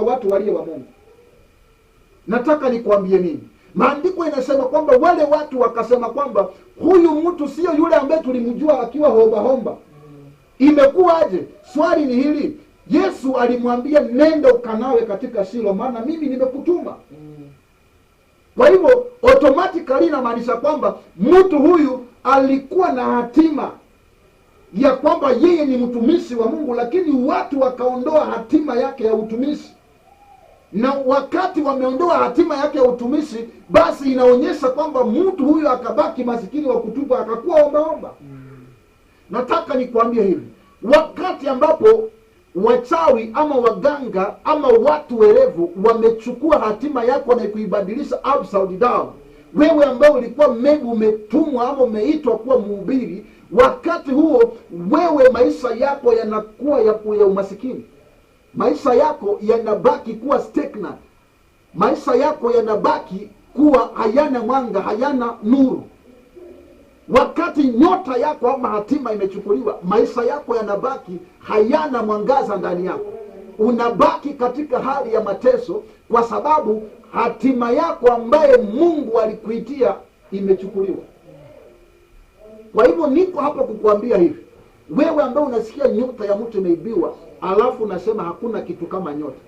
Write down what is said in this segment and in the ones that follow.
kwa watu walio wa Mungu. Nataka nikwambie nini? Maandiko inasema kwamba wale watu wakasema kwamba huyu mtu sio yule ambaye tulimjua akiwa homba homba. Imekuwaje? Swali ni hili. Yesu alimwambia nenda ukanawe katika Shilo, maana mimi nimekutuma. Kwa hivyo automatically inamaanisha kwamba mtu huyu alikuwa na hatima ya kwamba yeye ni mtumishi wa Mungu, lakini watu wakaondoa hatima yake ya utumishi na wakati wameondoa hatima yake ya utumishi, basi inaonyesha kwamba mtu huyo akabaki masikini wa kutupa, akakuwa ombaomba. Mm. Nataka nikuambie hivi, wakati ambapo wachawi ama waganga ama watu werevu wamechukua hatima yako na kuibadilisha upside down, wewe ambao ulikuwa maybe umetumwa ama umeitwa kuwa muubiri wakati huo wewe maisha yako yanakuwa ya, ya umasikini maisha yako yanabaki kuwa stekna maisha yako yanabaki kuwa hayana mwanga, hayana nuru. Wakati nyota yako ama hatima imechukuliwa, maisha yako yanabaki hayana mwangaza ndani yako, unabaki katika hali ya mateso, kwa sababu hatima yako ambaye Mungu alikuitia imechukuliwa. Kwa hivyo niko hapa kukuambia hivi wewe ambaye unasikia nyota ya mtu imeibiwa, alafu unasema hakuna kitu kama nyota,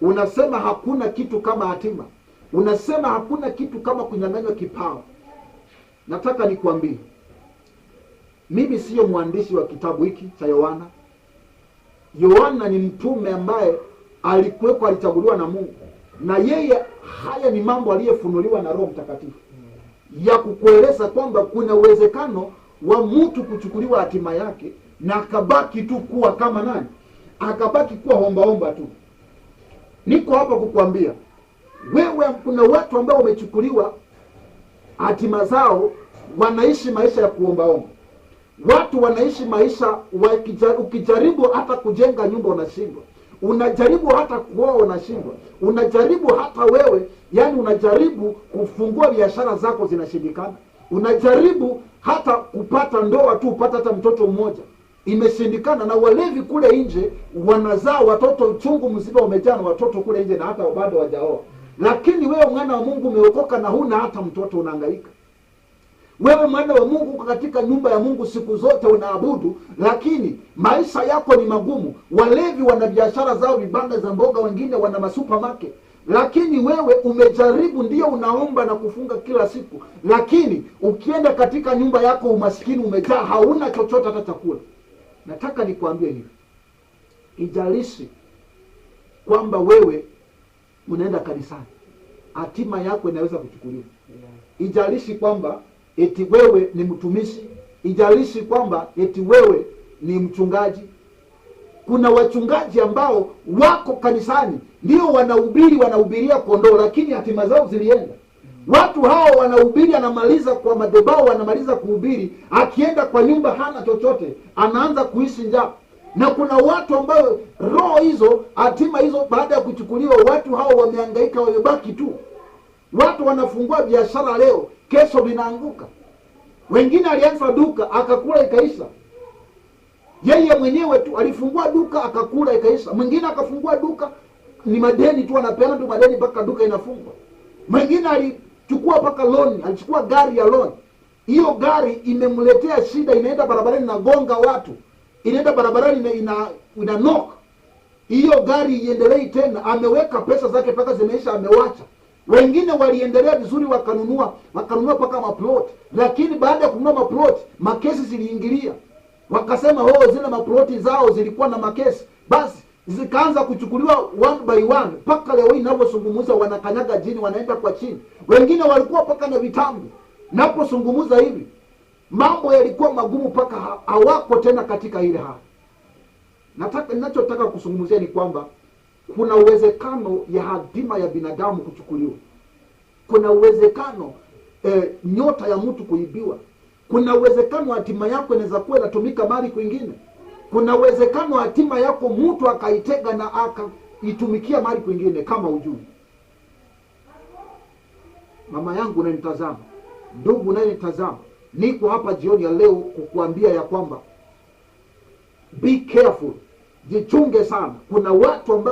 unasema hakuna kitu kama hatima, unasema hakuna kitu kama kunyang'anywa kipao. Nataka nikwambie, mimi siyo mwandishi wa kitabu hiki cha Yohana. Yohana ni mtume ambaye alikuweko, alichaguliwa na Mungu, na yeye haya ni mambo aliyefunuliwa na Roho Mtakatifu ya kukueleza kwamba kuna uwezekano wa mtu kuchukuliwa hatima yake na akabaki tu kuwa kama nani, akabaki kuwa hombaomba tu. Niko hapa kukuambia wewe, kuna watu ambao wamechukuliwa hatima zao, wanaishi maisha ya kuombaomba. Watu wanaishi maisha wakijaribu, ukijaribu hata kujenga nyumba unashindwa, unajaribu hata kuoa unashindwa, unajaribu hata wewe, yani unajaribu kufungua biashara zako zinashindikana unajaribu hata kupata ndoa tu upata hata mtoto mmoja imeshindikana, na walevi kule nje wanazaa watoto uchungu mzima umejaa na watoto kule nje, na hata bado wajaoa. Lakini wewe mwana wa Mungu umeokoka na huna hata mtoto, unaangaika Wewe mwana wa Mungu uko katika nyumba ya Mungu siku zote unaabudu, lakini maisha yako ni magumu. Walevi wana biashara zao, vibanda za mboga, wengine wana masupamaket lakini wewe umejaribu, ndio unaomba na kufunga kila siku, lakini ukienda katika nyumba yako umaskini umejaa, hauna chochote hata chakula. Nataka nikuambie hivi, ijalisi kwamba wewe unaenda kanisani, hatima yako inaweza kuchukuliwa. Ijalishi kwamba eti wewe ni mtumishi, ijalishi kwamba eti wewe ni mchungaji kuna wachungaji ambao wako kanisani ndio wanahubiri, wanahubiria kondoo, lakini hatima zao zilienda. Watu hao wanahubiri, anamaliza kwa madhabahu, anamaliza kuhubiri, akienda kwa nyumba hana chochote, anaanza kuishi njaa. Na kuna watu ambayo roho hizo, hatima hizo, baada ya kuchukuliwa, watu hao wameangaika wamebaki tu. Watu wanafungua biashara leo, kesho linaanguka. Wengine alianza duka akakula ikaisha yeye mwenyewe tu alifungua duka akakula ikaisha. Mwingine akafungua duka ni madeni tu, anapeana tu madeni mpaka duka inafungwa. Mwingine alichukua mpaka loni alichukua gari ya loni Hiyo gari imemletea shida, inaenda barabarani inagonga watu, inaenda barabarani ina, ina, ina knock. Hiyo gari iendelei tena, ameweka pesa zake mpaka zimeisha, amewacha wengine waliendelea vizuri wakanunua wakanunua mpaka maplot, lakini baada ya kununua maplot makesi ziliingilia wakasema oh, zile maploti zao zilikuwa na makesi, basi zikaanza kuchukuliwa one by one. Mpaka leo hii ninavyozungumza, wanakanyaga jini wanaenda kwa chini, wengine walikuwa mpaka na vitambu. Napozungumza hivi mambo yalikuwa magumu, mpaka hawako tena katika ile hali. Nataka ninachotaka kuzungumzia ni kwamba kuna uwezekano ya hatima ya binadamu kuchukuliwa, kuna uwezekano eh, nyota ya mtu kuibiwa kuna uwezekano hatima yako inaweza kuwa inatumika mali kwingine. Kuna uwezekano hatima yako mtu akaitega na akaitumikia mali kwingine kama ujui. Mama yangu unanitazama, ndugu unayenitazama, niko hapa jioni ya leo kukuambia ya kwamba be careful, jichunge sana. Kuna watu ambao